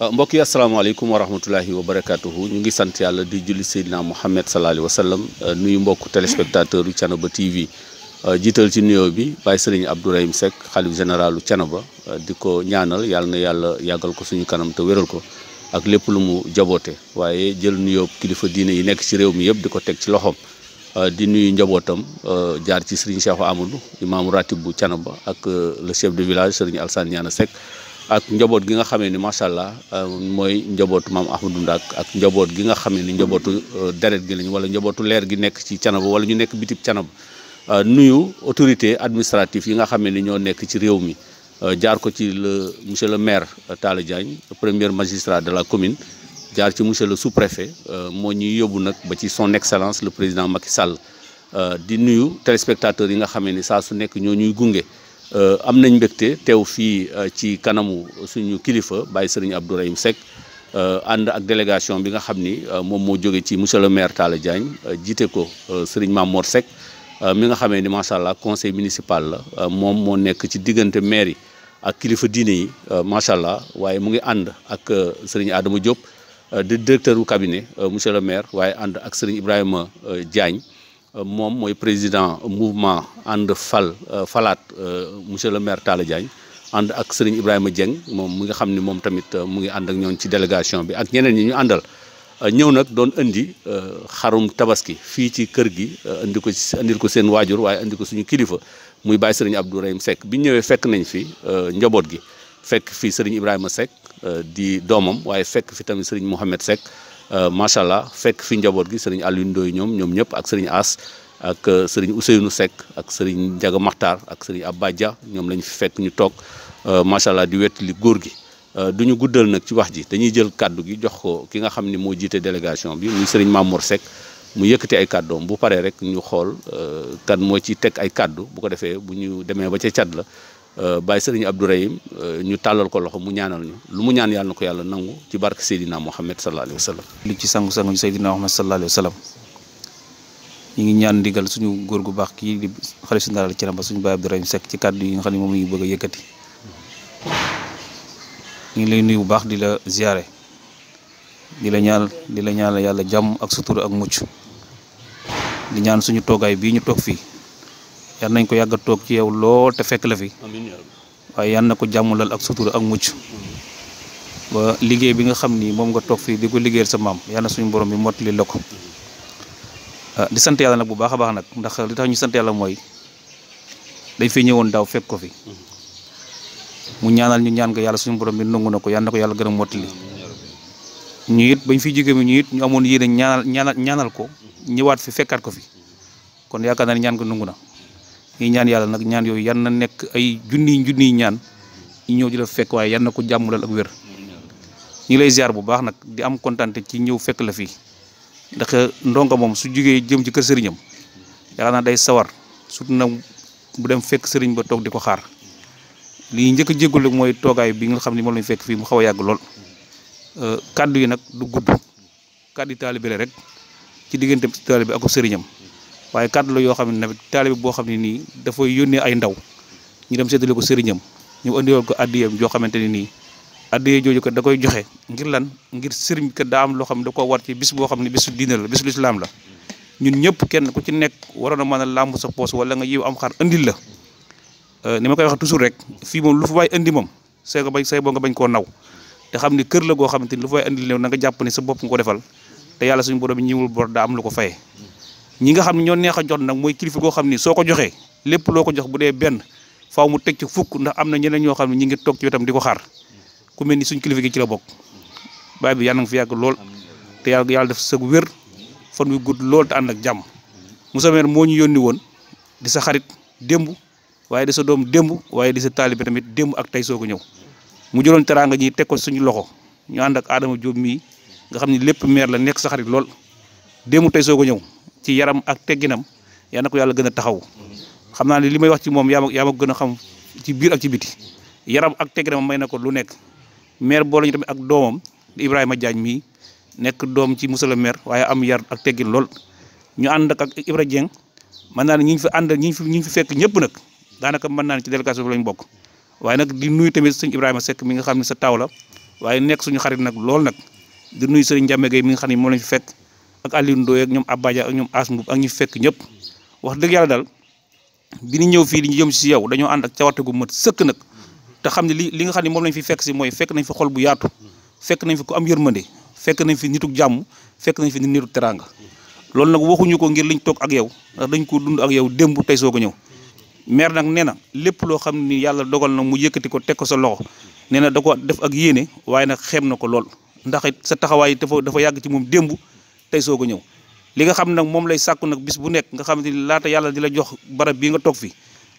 Ah, mbokk yi asalaamaaleykum wa rahmatullahi wa barakaatuhu ñu ngi sant yàlla di julli seydina Muhammad sallallahu alayhi wa sallam ah, nuyu mbokk téléspectateur yu Thiénaba TV ah, jiital ci nuyoo bi bàyyi sëriñ Abdourahim Seck xalif généralu Thiénaba di ko ñaanal yàlla na yàlla yàggal ko suñu kanam te wéral ko ak lépp lu mu jaboote waaye jël nuyoo kilifa diine yi nekk ci réew mi yëpp di ko teg ci loxoom di nuyu njabootam jaar ci sëriñ Cheikh Amadou imaamu ratib bu Thiénaba ak le chef de village sëriñ Alsane Niane ak njaboot gi nga xamee ni macha allah euh, mooy njabootu maam Ahmadou Ndak ak njaboot gi nga xamee ni njabootu euh, deret gi lañ wala njabootu leer gi nekk ci canaba wala ñu nekk bitib canaba euh, nuyu autorité administrative yi nga xamee ni ñoo nekk ci réew mi jaar ko ci le monsieur le maire Talla Diagne premier magistrat de la commune jaar ci monsieur le sous-préfet moo ñuy yóbbu nag ba ci son excellence le président Macky Sall di nuyu téléspectateurs yi nga xamee ni saa su nekk ñoo ñuy gunge. Euh, am nañ mbégte teew fii euh, ci kanamu suñu kilifa Baye Serigne Abdourahim Seck euh, ànd ak délégation bi nga xam ni moom moo jóge ci monsieur le maire Talla Diagne jiite ko Serigne mamoor Seck mi nga xamee ni macha allah conseil municipal la moom moo nekk ci diggante maire yi ak kilifa diine yi macha allah waaye mu ngi ànd ak Serigne Adama Diop di directeur wu cabinet monsieur le maire waaye ànd ak Serigne Ibrahima Diagne. Euh, moom mooy président mouvement ànd fal euh, falaat euh, monsieur le maire Talla Diagne ànd ak sëriñ Ibrahima Dieng moom mu nga xam ni moom tamit mu ngi ànd ak ñoom ci délégation bi ak ñeneen ñi ñu àndal ñëw nag doon indi xarum tabaski fii ci kër gi indi ko indil ko seen waajur waaye indi ko suñu kilifa muy bàyyi sëriñ Abdourahim sekk bi ñëwee fekk nañ fi njaboot gi fekk fi sëriñ Ibrahima Seck di doomam waaye fekk fi tamit sëriñ Mouhamed Seck Euh, macha allah fekk fi njaboot gi sëriñ Alioune Ndoye ñoom ñoom ñëpp ak sëriñ As ak euh, sëriñ Ousseynou Seck ak sëriñ Ndiaga Makhtar ak sëriñ Abba Dia ñoom lañ fi fekk ñu toog euh, macha allah di wettali góor gi. du ñu guddal nag ci wax ji dañuy jël kàddu gi jox ko ki nga xam ni moo jiite délégation bi muy sëriñ Mamour Seck mu yëkkati ay kàddoom bu paree rek ñu xool kan moo ci teg ay kàddu bu ko defee bu ñu demee ba ca cat la. Euh, Baye Serigne Abdourahim euh, ñu tàllal ko loxo mu ñaanal ñu lu mu ñaan yàlla na ko yàlla nangu ci bark Seydina Mohamed sallallahu alayhi li ci sangu-sangu ñu Seydina Mohamed sallallahu alayhi wa ngi ñaan ndigal suñu góor gu baax kii di xale si ndaral ci ramba suñu Baye Abdourahim Seck ci kàddu yi nga xam ne moom la ñu bëgg a yëkkati ñu ngi lay nuyu bu baax di la ziare di la ñaan di la ñaan yàlla jàmm ak sutura ak mucc di ñaan suñu toogaay bii ñu toog fii. yal nañ ko yàgg a toog ci yow lool te fekk la fi waaye yal na ko jàmmulal ak sutura ak mucc liggéey bi nga xam ni moom nga toog fii di ko liggéeyal sa maam yal na suñu borom bi mottali la ko ah, di sant yàlla bu baax a baax nag ndax li ñu sant yàlla mooy dañ ñëwoon daaw fekk ko fi mu ñu ñaan nga yàlla suñu borom bi nangu na ko yal na ko yàlla gën a mottali ñu it bañ fi jigéen bi ñu it ñu amoon yéene ñaanal ñaanal ko ñëwaat fi fekkaat ko fi kon yaakaar naa ne ñaan nga nangu na ñuy ñaan yàlla nag ñaan yooyu yan na nekk ay junni junniy ñaan ñoo ñëw di la fekk waaye yan na ko jàmmulal ak wér ñu lay ziar bu baax nag di am kontante ci ñëw fekk la fii ndax ndongo moom su jógee jëm ci kër sëriñam yaakaar naa day sawar surtout nag bu dem fekk sëriñ ba toog di ko xaar li njëkk a jéggul mooy toogaay bi nga xam ne moom lañu fekk fii mu xaw a yàgg lool euh, kàddu yi nag du gudd kàddu taalibe rek ci digganteem ci taalibe ak sëriñam waaye kàddu la yoo xam ne tamit boo xam ne nii dafay yónnee ay ndaw ñu dem séddale ko sëriñam ñu andiwoon ko addiyam joo xamante ne nii addiye jooju kat da koy joxe ngir lan ngir sëriñ kat daa am loo xam ne da koo war ci bis boo xam ne bisu diine la bisu lislaam la ñun ñëpp kenn ku ci nekk waroon a mën a làmb sa poos wala nga yiw am xar andil la euh, ni ma koy wax toujours rek fii moom lu fa waay indi moom say ko say boo nga bañ koo naw te xam ne kër la goo xamante ni lu fa waay andil new na nga jàpp ne sa bopp nga ko defal te yàlla suñu borom ñëwul bor daa am lu ko faye ñi nga xam ne ñoo neex a jot nag mooy kilifa goo xam ni soo ko joxee lépp loo ko jox bu dee benn faaw mu teg ci fukk ndax am na ñeneen ñoo xam ne ñi ngi toog ci wetam di ko xaar ku mel ni suñ kilifa gi ci la bokk baay bi yàlla nga fi yàgg lool te yàlla yàlla def sa wér fan wi gudd lool ànd ak jàmm Moussa Mer moo ñu yónni woon di sa xarit démb waaye di sa doom démb waaye di sa taalibe tamit démb ak tey ko ñëw mu jëloon teraanga ñi teg ko loxo ñu ànd ak Adama Diop mii nga xam ne lépp meer la nekk sa xarit lool démb tey soo ko ñëw ci yaram ak tegginam yal na ko yàlla gën a taxaw xam naa ne li may wax ci moom yaa ma yaa gën a xam ci biir ak ci biti yaram ak tegginam may na ko lu nekk maire boole ñu tamit ak doomam Ibrahima jaañ mii nekk doom ci monsieur maire waaye am yar ak teggin lool ñu ànd ak ak Ibra Dieng naa ñu fi ànd ñi ñu fi ñi ñu fi fekk ñëpp nag daanaka mën naa ci délégation bi lañ bokk waaye nag di nuyu tamit sëñ Ibrahima Seck mi nga xam ne sa taaw la waaye nekk suñu xarit nag lool nag di nuyu sëñ Ndiame Gueye mi nga xam ne moom lañ fi fekk ak Aliou Ndoye ak ñoom Abadia ak ñoom Asmoub ak ñu fekk ñëpp wax dëgg yàlla daal bi ñu ñëw fii di ñu jëm si yow dañoo ànd ak cawarte gu mat sëkk nag te xam ne li li nga xam ne moom lañ fi fekk si mooy fekk nañ fi xol bu yaatu fekk nañ fi ku am yërmande fekk nañ fi nituk jàmm fekk nañ fi nitu teranga loolu nag waxuñu ko ngir liñ toog ak yow ndax dañ ko dund ak yow démb tey soo ko ñëw maire nag nee na lépp loo xam ni yàlla dogal na mu yëkkati ko teg ko sa loxo nee na da ko def ak yéene waaye nag xeem na ko lool ndax taxawaay dafa dafa ci moom démb tey soog a ñëw li nga xam nag moom lay sàkku nag bis bu nekk nga xamante ni laata yàlla di la jox barab bii nga toog fi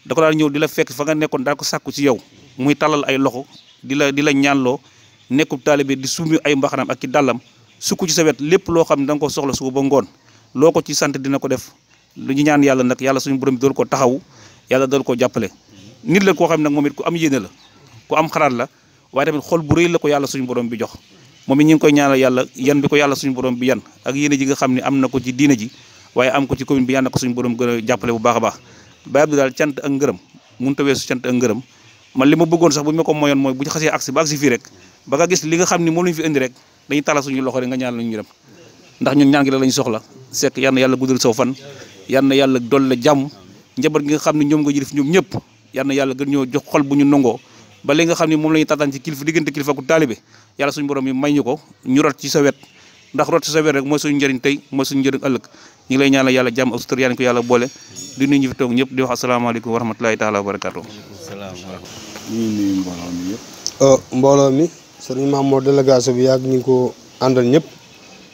da ko daan ñëw di la fekk fa nga nekkoon daa ko sàkku ci yow muy talal ay loxo di la di la sa wet lépp loo xam ne da nga ko soxla suba ba ngoon loo ko ci sant dina ko def lu ñu ñaan yàlla nag yàlla suñu borom bi dool ko taxawu yàlla dool ko jàppale nit la koo xam ne nag moom it ku am yéene la ku am xalaat la waaye tamit xol bu rëy la ko yàlla suñu borom bi jox moom it ñu ngi koy ñaanal yàlla yan bi ko yàlla suñu borom bi yan ak yéene ji nga xam ne am na ko ci diina ji waaye am ko ci commune bi yàlla na ko suñu borom gën a jàppale bu baax a baax Baye Abdou daal cant ak ngërëm mënut a weesu cant ak ngërëm man li ma bëggoon sax bu ñu ma ko moyoon mooy bu ñu xasee agsi ba agsi fii rek ba nga gis li nga xam ne moom la ñu fi indi rek dañuy tala suñu loxo rek nga ñaan lañu ñu dem ndax ñun ñaan gi la lañu soxla sekk yal na yàlla guddal saw fan yal na yàlla la jàmm njaboot gi xam ne ñoom nga jëlif ñoom ñëpp yal na yàlla gën ñoo jox xol bu ñu ba li nga xam ne moom la ñu tataan ci kilifa diggante kilifa ku taalibe yàlla suñu borom yi may ñu ko ñu rot ci sa wet ndax rot ci sa wet rek mooy suñu njëriñ tey mooy suñu njëriñ ëllëg ñu ngi lay ñaanal yàlla jàmm ak sutur ko yàlla boole di nuyu ñu fi toog ñëpp di wax asalaamaaleykum wa rahmatulahi taala wa barakaatu ñu mbooloo mi yëpp euh, mbooloo mi sëriñ Mamour délégation bi yàgg ñu ngi àndal ñëpp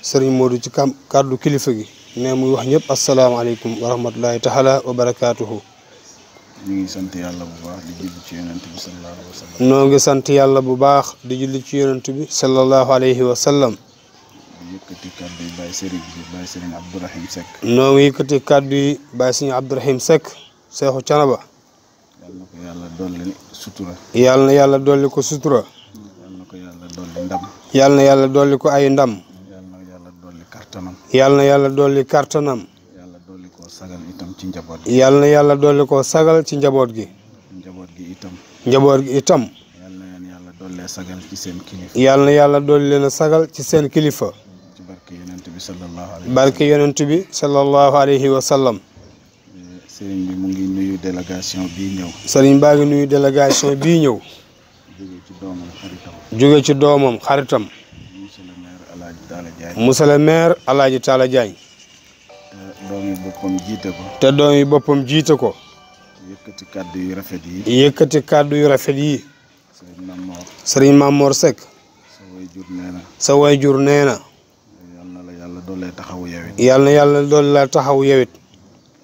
sëriñ Modou ci kàddu kilifa gi mais muy wax ñëpp asalaamaaleykum wa rahmatulahi taala wa barakaatuhu ñu ngi sant yàlla bu baax di julli ci yonent bi sallallahu alayhi wa noo ngi sant yàlla bu baax di julli ci yonent bi sallallahu alayhi kàddu yi Baye Serigne bi Baye Serigne noo ngi kàddu yi Baye Serigne Abdourahim Seck Seexu Canaba. yal na ko yàlla dolli na yàlla dolli ko sutura. ko yàlla dolli na yàlla dolli ko ay ndam. yal na yàlla dolli ci njaboot gi. yal na yàlla dolli ko sagal ci njaboot gi. njaboot gi itam. njaboot gi itam. yal na leen yàlla dollee seen kilifa. yal na yàlla dolli leen sagal ci seen kilifa. ci barke yonent bi sallallahu alayhi. barke yonent bi sallallahu alayhi wa sallam. mu ngi nuyu délégation bii ñëw. baa ngi nuyu délégation bii ñëw. ci doomam xaritam. jóge ci doomam doom yi boppam te doom yi boppam jiite ko. yëkkati kàddu yu rafet yi. yëkkati kàddu yu rafet yi. Serigne Mamor. Serigne sa way jur nee na. sa way jur nee na. la yàlla taxawu yewit. yal na yàlla dolli la taxawu yewit.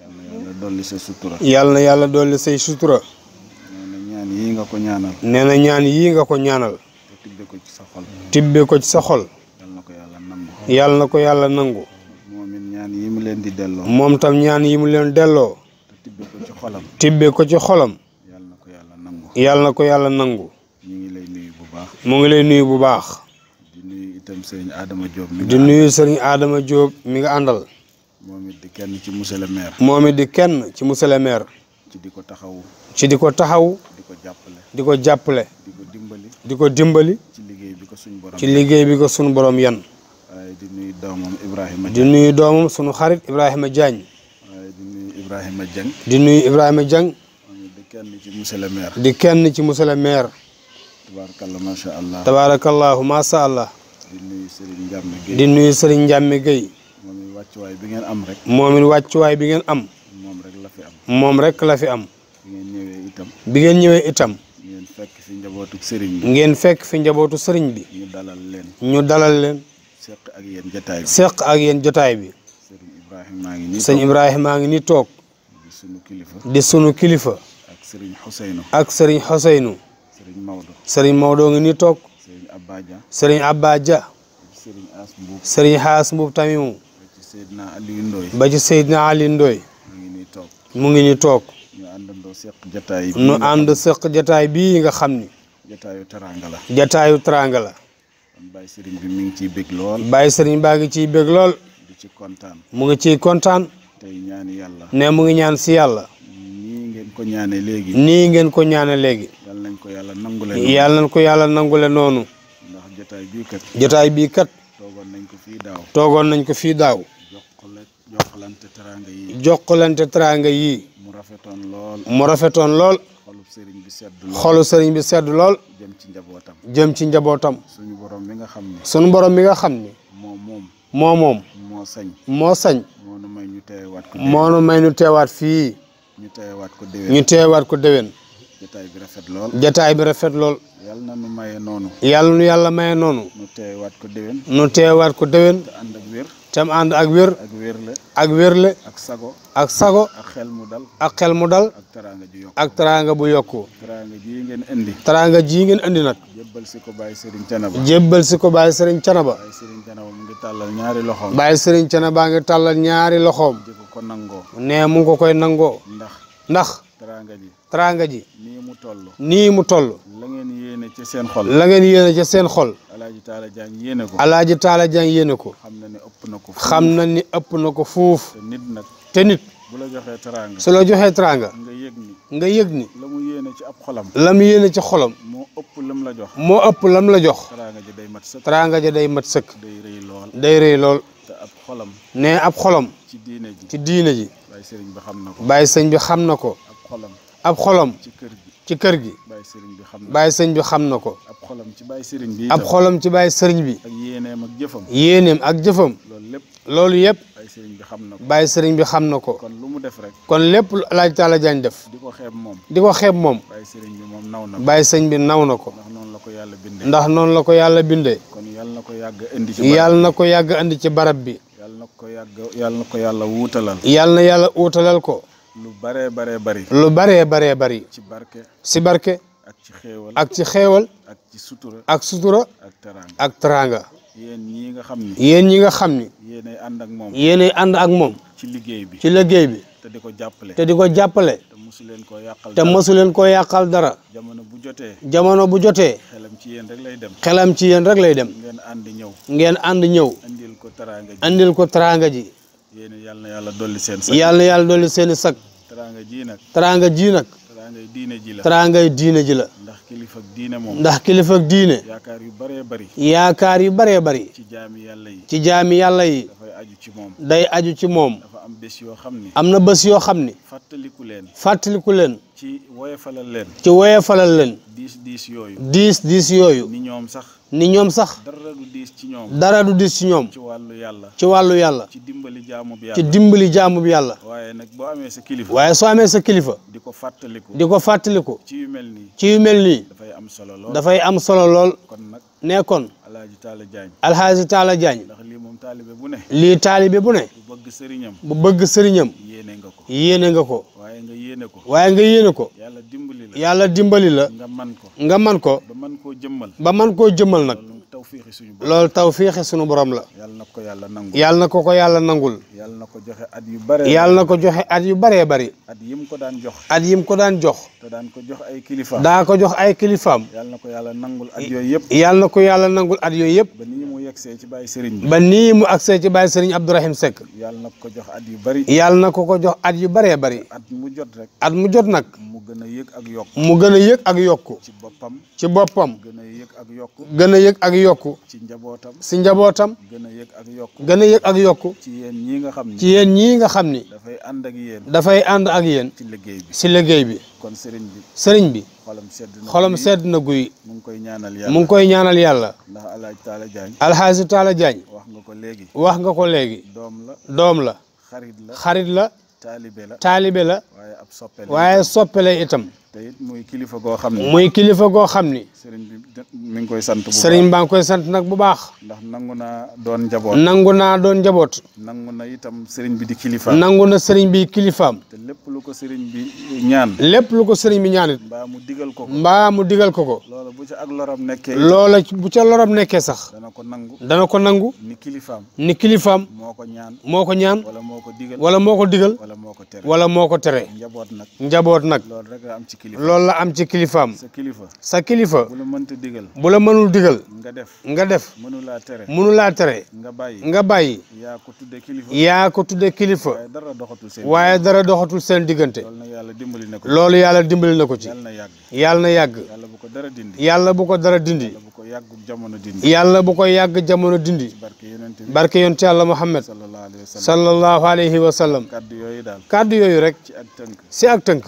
yal na yàlla dolli say sutura. yal na yàlla dolli say sutura. nee na ñaan yii nga ko ñaanal. nee na ñaan yii nga ko ñaanal. ko ci sa xol. tibbe ko ci sa xol. yal ko yàlla nangu. yal ko yàlla nangu. yi leen di delloo. moom tam ñaan yi mu leen delloo. tibbe ko ci xolam. tibbe ko ci yàlla na ko yàlla nangu. yàlla na ko yàlla nangu. ñu ngi lay nuyu bu baax. mu ngi lay nuyu bu baax. di nuyu itam sëriñ Adama Diop. mi di nuyu sëriñ Adama Diop mi nga àndal. moom it di kenn ci monsieur le maire. moom it di kenn ci monsieur le maire. ci di ko taxawu. ci di ko taxawu. di ko jàppale. di ko jàppale. dimbali. di ko dimbali. ci liggéey bi ko suñu borom. ci liggéey bi suñu borom yan. di nuyu doomam Ibrahima di nuyu doomam sunu xarit Ibrahima Diagne. di nuyu Ibrahima Dieng. di nuyu Ibrahima Dieng. kenn ci monsieur le maire. di kenn ci monsieur le maire. tabaarakallah macha allah. tabaarakallahu macha allah. di nuyu Serigne Ndiame Guèye. di nuyu Serigne moom it wàccuwaay bi ngeen am rek. moom it bi ngeen am. moom rek la fi am. moom rek la fi am. bi ngeen ñëwee itam. bi ngeen ñëwee itam. ngeen fekk fi njabootu sëriñ bi. ngeen fekk fi njabootu sëriñ bi. ñu dalal leen. seq ak yéen jotaay bi seq ak yéen jotaay bi. sëñ Ibrahima a ngi nii toog. di sunu kilifa. di sunu kilifa. ak sëriñ Xuseynu. ak sëriñ Xuseynu. sëriñ Maodo. sëriñ Maodo ngi ni toog. sëriñ Abba Dia. sëriñ Abba Dia. sëriñ Haas Mbuub. sëriñ Tamimu. ba ci Seydina Aliou mu ngi nii toog. mu ngi nii toog. ñu àndandoo seq jotaay. ñu ànd seq jotaay nga xam ni. jotaayu teraanga la. la. kon Baye Serigne bi mi ngi ciy bég lool. Baye Serigne baa ngi ciy bég lool. ci kontaan. mu ngi ci kontaan. tey ñaan yàlla. ne mu ngi ñaan si yàlla. nii ngeen ko ñaane léegi. nii ngeen ko ñaane léegi. nañ ko yàlla nangule noonu. yal ko yàlla nangule noonu. ndax jotaay bii kat. jotaay bii kat. toogoon nañ ko fii daaw. toogoon nañ ko fii daaw. jokkalante teraanga yii. jokkalante teraanga yii. mu rafetoon lool. mu rafetoon lool. sëriñ bi sedd lool xolu sëriñ bi sedd lool. jëm ci njabootam. jëm ci njabootam. suñu borom mi nga xam ne. suñu borom mi nga xam ne. moom moom. moo moom. moo sañ. moo sañ. nu may ñu teewaat ko. moo nu may ñu teewaat fii. ñu teewaat ko déwén. ñu teewaat ko déwén. jataay bi rafet lool. jataay bi rafet lool. yàlla na nu maye noonu. yàlla yàlla maye noonu. nu teewaat ko déwén. nu teewaat ko déwén. ak wér. ak wérle ak sago ak sago ak xel mu dal ak xel mu dal ak teraanga ju yokku ak teraanga bu yokku teraanga ji ngeen indi teraanga ji ngeen indi nag jébbal si ko Baye Serigne Thiénaba jébbal si ko Baye Serigne Thiénaba Baye Serigne Thiénaba mu ngi tàllal ñaari loxoom Baye Serigne Thiénaba ngi tàllal ñaari loxoom di ko ko nee mu ngi ko koy nangoo ndax ndax teraanga ji teraanga ji mu toll nii mu toll la ngeen yéene ci seen xol. la ngeen yéene ci seen xol. Alaaji Taala Jang yéene ko. Alaaji Taala Jang yéene ko. xam na ni ëpp na ko. xam na ni ëpp na ko fuuf. te nit nag te nit. bu la joxee teraanga. su la joxee teraanga. nga yëg ni. nga yëg ni. la mu yéene ci ab xolam. la mu yéene ci xolam. moo ëpp lam la jox. moo ëpp lam la jox. teraanga ja day mat sëkk. teraanga ja day mat sëkk. day rëy lool. day rëy lool. ab xolam. nee ab xolom ci diine ji ci diine ji. bàyyi sëñ bi xam na ko. bàyyi ab xolam. ci kër gi. bàyyi sëriñ bi xam na ko bàyyi sëriñ bi xam na ko. ab xolam ci bàyyi sëriñ bi. ab xolam ci bàyyi sëriñ bi. ak yéeneem ak jëfam. yéeneem ak jëfam. loolu lépp loolu yëpp. bàyyi sëriñ bi xam na ko bàyyi sëriñ bi xam na ko. kon lu mu def rek. kon lépp lu El Hadj Talla def. di ko xeeb moom. di ko moom. bàyyi sëriñ bi moom naw na ko. bàyyi sëriñ bi naw na ko. ndax noonu la ko yàlla bindee. ndax noonu la ko yàlla bindee. kon yàlla na ko yàgg indi ci. yàlla na ko yàgg indi ci barab bi. yàlla na ko yàgg yàlla na ko yàlla wuutalal. yàlla na yàlla wuutalal ko lu baree baree bari. lu baree baree bari. ci barke. si barke. ak ci xéewal ak ci xéewal. ak ci sutura. ak sutura. ak teraanga ak teraanga. yéen ñi nga xam ni. yéen ñi nga xam ni. yéenay ànd ak moom. yéenay ànd ak moom. ci liggéey bi ci liggéey bi. te di ko jàppale. te di ko jàppale. te mosu leen koo yàqal dara te leen koo yàqal dara. jamono bu jotee. jamono bu jotee. xelam ci yéen rek lay dem. xelam ci yéen rek lay dem. ngeen ànd ñëw. ngeen ànd ñëw. andil ko teraanga yéen yàlla na yàlla dolli seen sag yàlla na yàlla dolli seen i sag. teraanga ji nag teraanga ji nag. teraangay diine ji la teraangay diine ji la. ndax kilifa diine moom. ndax kilifa diine. yaakaar yu bëree bari yaakaar yu bëree bëri. ci jaami yàlla yi. ci jaami yi. dafay aju ci moom. day aju ci moom. dafa am bés yoo xam ni. am na bés yoo xam ni. fàttaliku leen. fàttaliku leen. woyefalal leen. ci woyefalal leen. diis diis yooyu. diis diis yooyu. ni ñoom sax. ni ñoom sax. dara du diis ci ñoom. dara du diis ci ñoom. ci wàllu yàlla. ci wàllu yàlla. ci dimbali jaamu bi yàlla. dimbali jaamu yàlla. waaye nag boo amee sa kilifa. waaye soo amee sa kilifa. di ko fàttaliku. di ko fàttaliku. ci yu mel nii. ci yu mel nii. dafay am solo lool. dafay am solo lool. kon nag nekkoon. Alhaji Talla jaañ Alhaji Talla Diagne. ndax lii moom taalibe bu ne. lii taalibe bu ne. bu bëgg sëriñam. bu bëgg sëriñam. yéene nga ko. yéene nga waaye nga yéene ko. yàlla dimbali la yàlla dimbali la. nga man ko nga man ko. ba man koo jëmmal ba man koo jëmmal nag. loolu tawfiixe suñu borom la. yàlla na ko yàlla nangul yàlla na ko ko yàlla nangul. yàlla na ko joxe at yu bare. yàlla na ko joxe at yu baree bari. at yim ko daan jox. at yim ko daan jox. daan ko jox ay kilifaam. daa ko jox ay kilifaam. yàlla na ko yàlla nangul at yooyu yëpp. yàlla na yàlla nangul at yooyu yëpp. ba nii mu yegsee ci bàyyi Serigne bi. ba nii na ko jox at yu bari. na ko ko jox at bari. at mu jot rek. gën a yokk mu gën a yëg ak yokk ci boppam ci boppam gën a yëg ak yokk gën a yëg ak yokk ci njabootam si njabootam gën a yëg ak yokk gën a ak yokk ci yéen ñii nga xam ni ci yéen ñii nga xam ni dafay ànd ak yéen dafay ànd ak yéen ci liggéey bi si liggéey bi kon sëriñ bi sëriñ bi xolam sedd na xolam sedd na guy mu ngi koy ñaanal yàlla mu ngi koy ñaanal yàlla ndax alhaaji taala jaañ wax nga ko léegi doom la doom la xarit la taalibe la taalibe la waaye ab soppe la waaye soppe itam. te muy kilifa goo xam ne. muy kilifa goo xam ni. sëriñ bi mi ngi koy sant bu baax koy sant nag bu baax. ndax nangu naa doon njaboot. nangu naa doon njaboot. nangu na itam sëriñ bi di kilifaam. nangu na sëriñ bi kilifaam. te lépp lu ko sëriñ bi ñaan. lépp lu ko sëriñ bi ñaan it. mu digal ko ko. mu digal ko ko. loola bu ca ak loram nekkee. loola bu ca loram nekkee sax. dana ko nangu. dana ko nangu. ni kilifaam. ni kilifaam. moo ko ñaan. moo ko ñaan. wala moo ko digal. wala moo ko digal. wala moo ko tere. wala moo ko tere. njaboot nag. njaboot nag. loolu rek am ci kilifaam. loolu la am ci sa kilifa. bu la mënta digal. bu la mënul digal. nga def nga def. mënulaa tere mënulaa tere. nga bàyyi nga bàyyi. yaa ko tuddee kilifa yaa ko tuddee kilifa. waaye dara doxatul seen waaye dara doxatul seen diggante. loolu yàlla dimbali na ko ci loolu yàlla dimbali ko ci. na yàgg yàlla na yàgg. yàlla bu ko dara dindi. yàlla bu ko dara dindi. yàlla ko yàgg jamono dindi. yàlla bu ko yàgg jamono dindi. barke yonent bi barke yonent yàlla Muhammad. sallallahu alayhi wa sallam. kaddu yooyu daal kaddu yooyu rek. si ak tënk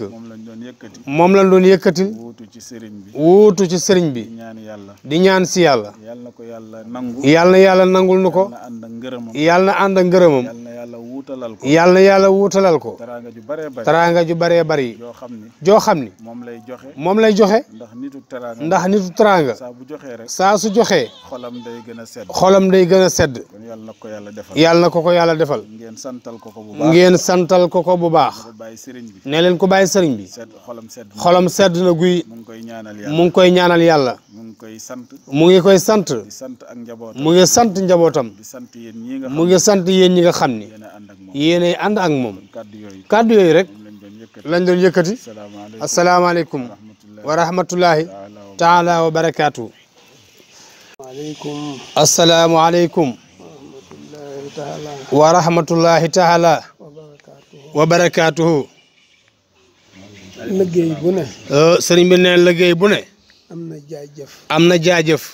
moom lañ doon yëkkati. wuutu ci sëriñ bi wuutu ci sëriñ bi. di ñaan si yàlla. yàlla na ko yàlla nangu. yàlla na yàlla nangul nu ko. yàlla na ànd ak ngërëmam. yàlla na yàlla wuutalal ko. yàlla yàlla wuutalal ko. taraanga ju baree bari. taraanga ju baree bari. joo xam ni. joo xam ni. moom lay joxe. moom lay joxe. ndax nitu taraanga. ndax nitu taraanga. saa bu joxee rek. saa su joxe xolam day gën a sedd. xolam day gën a sedd. kon yàlla na ko yàlla defal. yàlla ko ko yàlla defal. ngeen santal ko ko bu baax. ngeen santal ko ko bu baax. ne leen sëriñ bi. xolam sedd na guy. mu koy ñaanal ñaan mu ngi koy sant. mu ngi koy sant. sant ak njabootam. mu ngi sant njabootam. di sant yéen ñi nga xam sant yéen ñi nga xam ni. yéenay ànd ak moom. kàddu yooyu rek. lañ doon yëkkati. asalaamaaleykum. wa rahmatullahi taala wa barakaatu. asalaamualeykum. wa rahmatullahi taala. wa barakaatuhu. liggéey bu ne. Euh, sëriñ bi nee liggéey bu ne. am na jaajëf. am na jaajëf.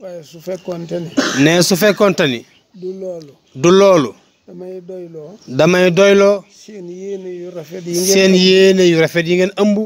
waaye su fekkoonte ne su fekkoonte ni. du loolu. du loolu. damay doyloo. damay doyloo. seen yéene yu rafet yi ngeen. yéene yu rafet yi ngeen ëmb.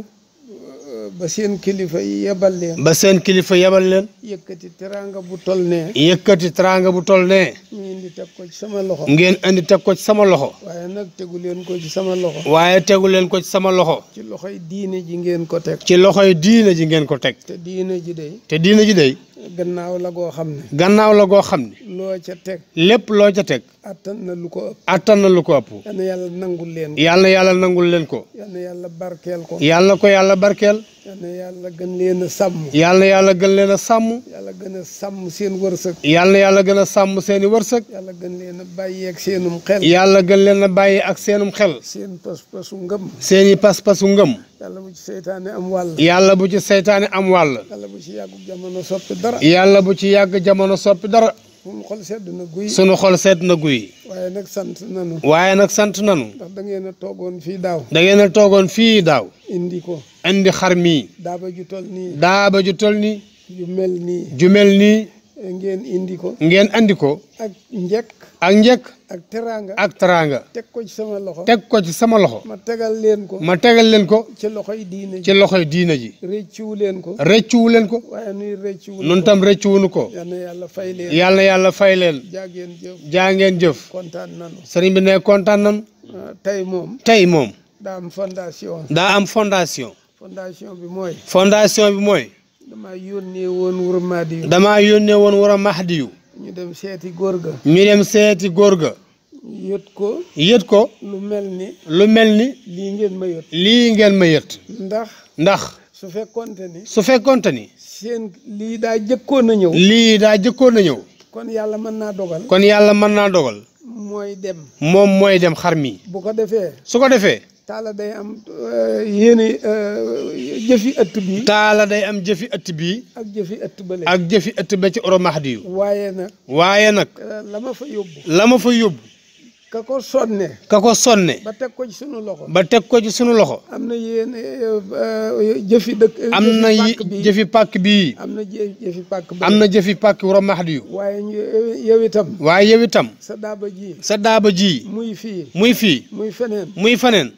ba seen kilifa yi yebal leen. ba seen kilifa yebal leen. yëkkati teraanga bu tol nee. yëkkati teraanga bu tol nee. ngeen indi teg ko ci sama loxo. ngeen indi teg ko ci sama loxo. waaye nag tegu leen ko ci sama loxo. waaye tegu leen ko ci sama loxo. ci loxoy diine ji ngeen ko teg. ci loxoy diine ji ngeen ko teg. te diine ji day. te diine ji day. gannaaw la goo xam ne. gannaaw la goo xam ne. loo ca teg. lépp loo ca teg. attan na lu ko ëpp. attan ko ëpp. yàlla nangul leen ko. yal na leen ko. yàlla barkeel ko. yal na ko yàlla barkeel. yàlla gën leen sàmm. yal na gën leen a sàmm. yàlla gën a sàmm seen wërsëg. yal yàlla gën a sàmm seen i wërsëg. yàlla gën leen a bàyyi ak seenum xel. yàlla gën leen a bàyyi ak seenum xel. seen pas-pasu ngëm. seen i bu ci seytaane am wàll. yàlla bu ci seytaane am wàll. yàlla yàgg jamono soppi dara sunu xol sedd na guy. sunu xol sedd na guy. waaye nag sant nanu. waaye nag sant nanu. ndax da ngeen a toogoon fii daaw. dangeen ngeen a toogoon fii daaw. indi ko. indi xar mii. daaba ju tol nii. daaba ju tol nii. ju mel nii. ju nii. ngeen indi ko. ngeen indi ko. ak njëkk. ak njëkk. ak teraanga. ak teraanga. teg ko ci sama loxo. teg ko ci sama loxo. ma tegal leen ko. ma tegal leen ko. ci loxoy diina ji. ci loxoy diina ji. rëccuwu leen ko. rëccuwu leen ko. waaye rëccuwu. nun tam rëccuwunu ko. yal na yàlla fay leen. yal yàlla fay leen. jaa jëf. jaa ngeen jëf. kontaan nanu. bi ne kontaan nanu. Ah, tey moom. tey moom. daa am fondation. daa am fondation. fondation bi mooy. fondation bi mooy. damaa yónnee woon wura Mahdiyu. damaa yónnee woon wura Mahdiyu. ñu dem seeti góor ga. ñu dem seeti góor ga. yët ko. yët ko. lu mel ni. lu mel ni. lii ngeen ma yët. lii ngeen ma yët. ndax. ndax. su fekkonte ni. su fekkonte ni. seen lii daa jëkkoon na ñëw. lii daa jëkkoon na ñëw. kon yàlla mën naa dogal. kon yàlla mën naa dogal. mooy dem. moom mooy dem xar mi. bu ko defee. su ko defee. taala day am eh, yéene eh, jëfi ëtt bii. taala day am jëfi ëtt bii. ak jëfi ëtt bële. ak jëfi ëtt ba ci oro Mahdi yu. waaye nag. Eh, lama fa yóbbu. la ma fa yóbbu. ka ko sonne. ka ko sonne. ba teg ko ci sunu loxo. ba teg ko ci sunu loxo. am na yéen eh, eh, eh, jëfi dëkk. am na pàkk bii am na jëfi pàkk bii. am na jëfi pàkk wu Mahdi yu. waaye yow itam. waaye yow itam. sa daaba ji. sa ji. muy fii. muy fii. muy feneen. muy feneen.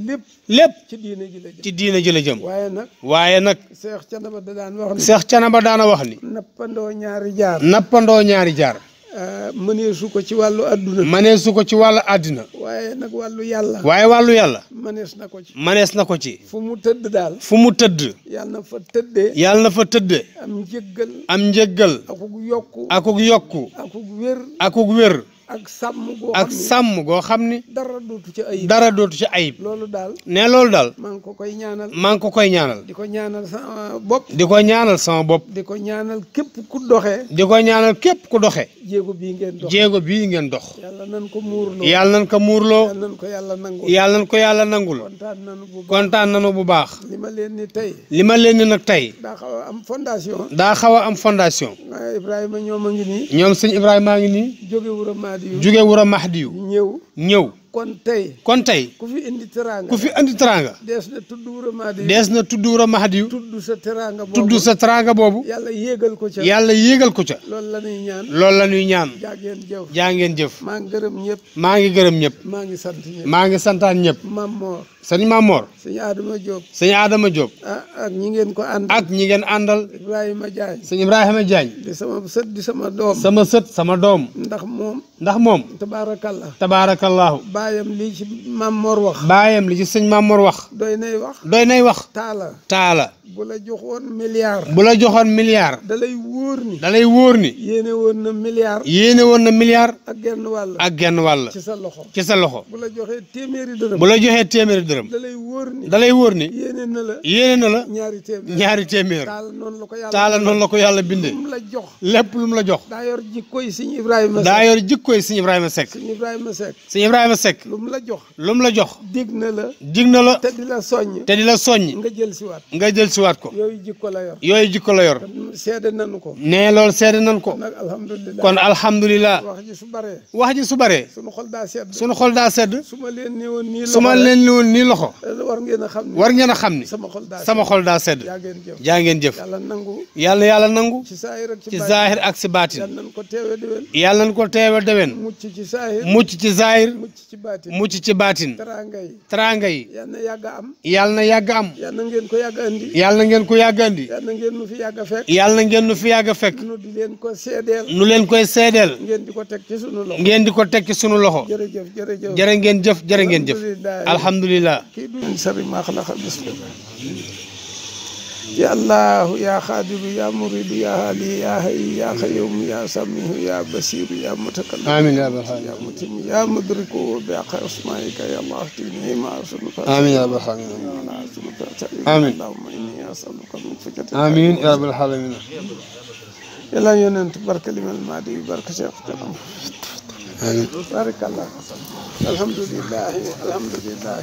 lépp. lépp ci diina ji la jëm. ci diina ji la jëm. waaye nag. waaye nag. Seex Canaba daan wax ni. Seex Canaba daan wax ni. nappandoo ñaari jaar. nappandoo ñaari jaar. Euh, mëneesu ko ci wàllu àdduna. mëneesu ko ci wàllu àddina. waaye nag wàllu yàlla. waaye wàllu yàlla. mënees na ko ci. mënees na ko ci. fu mu tëdd daal. fu mu tëdd. yàlla na fa tëddee. yàlla na fa tëddee. am njëggal. am njëggal. akug yokku. akug yokku. akug wér. akug wér. ak sàmm goo xam ne goo xam ne. dara dootu ci ayib dara dootu ci loolu daal ne loolu daal. maa ngi ko koy ñaanal maa ngi ko koy ñaanal. di ko ñaanal sama uh, bopp. di ko ñaanal sama bopp. di ko ñaanal képp ku doxee. di ko ñaanal képp ku doxe jéego bii ngeen dox jéego bii ngeen dox. yàlla nan ko muurloo yàlla nan ko muurloo. yàlla nan ko yàlla nangul yàlla nan ko yàlla nangul. kontaan nanu bu kontaan nanu bu baax. li ma leen ni tey. li ma leen ni nag tey. daa xaw am fondation. daa xawa am fondation. Ibrahima ñoom a ngi nii. ñoom sëñ Ibrahima ngi nii. jóge wuro Mahdiyu ñëw ñëw kon tey kon tey ku fi indi teraanga ku fi indi dees na tudd wuro Mahdiyu dees na tudd sa teraanga boobu tudd sa teraanga boobu yàlla yéegal ko ca yàlla yéegal ko ca loolu la ñuy ñaan loolu la ñuy ñaan jaa ngeen jëf jaa ngeen jëf maa ngi gërëm ñëpp maa ngi gërëm ñëpp santaan ñëpp sëñ Mamor. sëñ Adama Diop. sëñ Adama Diop. Ah, ak ñi ngeen ko àndal. ak ñi ngeen àndal. Ibrahima Diagne. sëñ Ibrahima Diagne. di sama sët di sama doom. sama sët sama doom. ndax moom. ndax moom. tabaarakallah. tabaarakallahu. baayam li ci Mamor wax. baayam li ci sëñ Mamor wax. doy nay wax. doy nay wax. taala. taala. bu la joxoon milliard. bu la joxoon milliard. da lay wóor ni. da lay woon na milliard. yéene woon na milliard. ak genn wàll. ak genn wàll. ci sa loxo. ci sa loxo. bu la joxee bu la joxee téeméeri dërëm. dërëm. da lay wóor ni da lay wóor ni. yéene na la yéene na la. ñaari téeméer ñaari téeméer. taala noonu la ko yàlla taala noonu la ko yàlla bindee. la lépp lu la jox. daa yor jikkooy sëñ Ibrahima Seck daa yor jikkooy sëñ Ibrahima Seck. la jox la jox. dig na la dig na la. te di la soññ. te di la waat nga jël siwaat nga ko. yooyu jikko la yor yooyu jikko la yor. seede nañu ko. nee loolu seede ko. kon alhamdulilah. wax ji su baree. sunu xol daa sedd. sunu leen ni woon nii seeni loxo. war ngeen a xam ni war ngeen a xam ni sama xol daa sedd. jaa ngeen jëf yàlla nangu. yàlla yàlla nangu. ci zaahir ak si baatin. yàlla nañ teewe dewen. yàlla mucc ci zaahir. mucc ci zaahir. mucc ci baatin. teraanga yi. teraanga na yàgg am. yàlla na yàgg ngeen ko yàgg andi. yàlla na ngeen ko yàgg na ngeen nu fi yàgg a fekk. na ngeen nu fi yàgg a fekk. nu leen ko seedeel. nu koy seedeel. ngeen di ko teg ci sunu loxo. ngeen di ko teg ci sunu loxo. jërë ngeen jëf jërë ngeen jëf كيد من شر ما خلق مثله يا الله يا خادر يا مريد يا هالي يا حي يا خيوم يا سميع يا بصير يا متكلم امين يا برحان يا متم يا مدرك وباق اسمائك يا الله تنهي ما اسالك امين يا برحان امين اللهم اني اسالك من فكرتك امين يا رب العالمين يلا يونس بركه لمن المادي بركه شيخ امين بارك الله Alhamdulillah, alhamdulillah.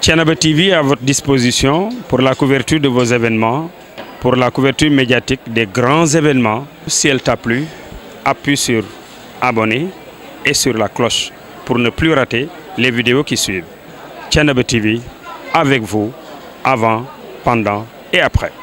Thiénaba TV à votre disposition pour la couverture de vos événements, pour la couverture médiatique des grands événements. Si elle t'a plu, appuie sur abonner et sur la cloche pour ne plus rater les vidéos qui suivent. Thiénaba TV, avec vous, avant, pendant et après.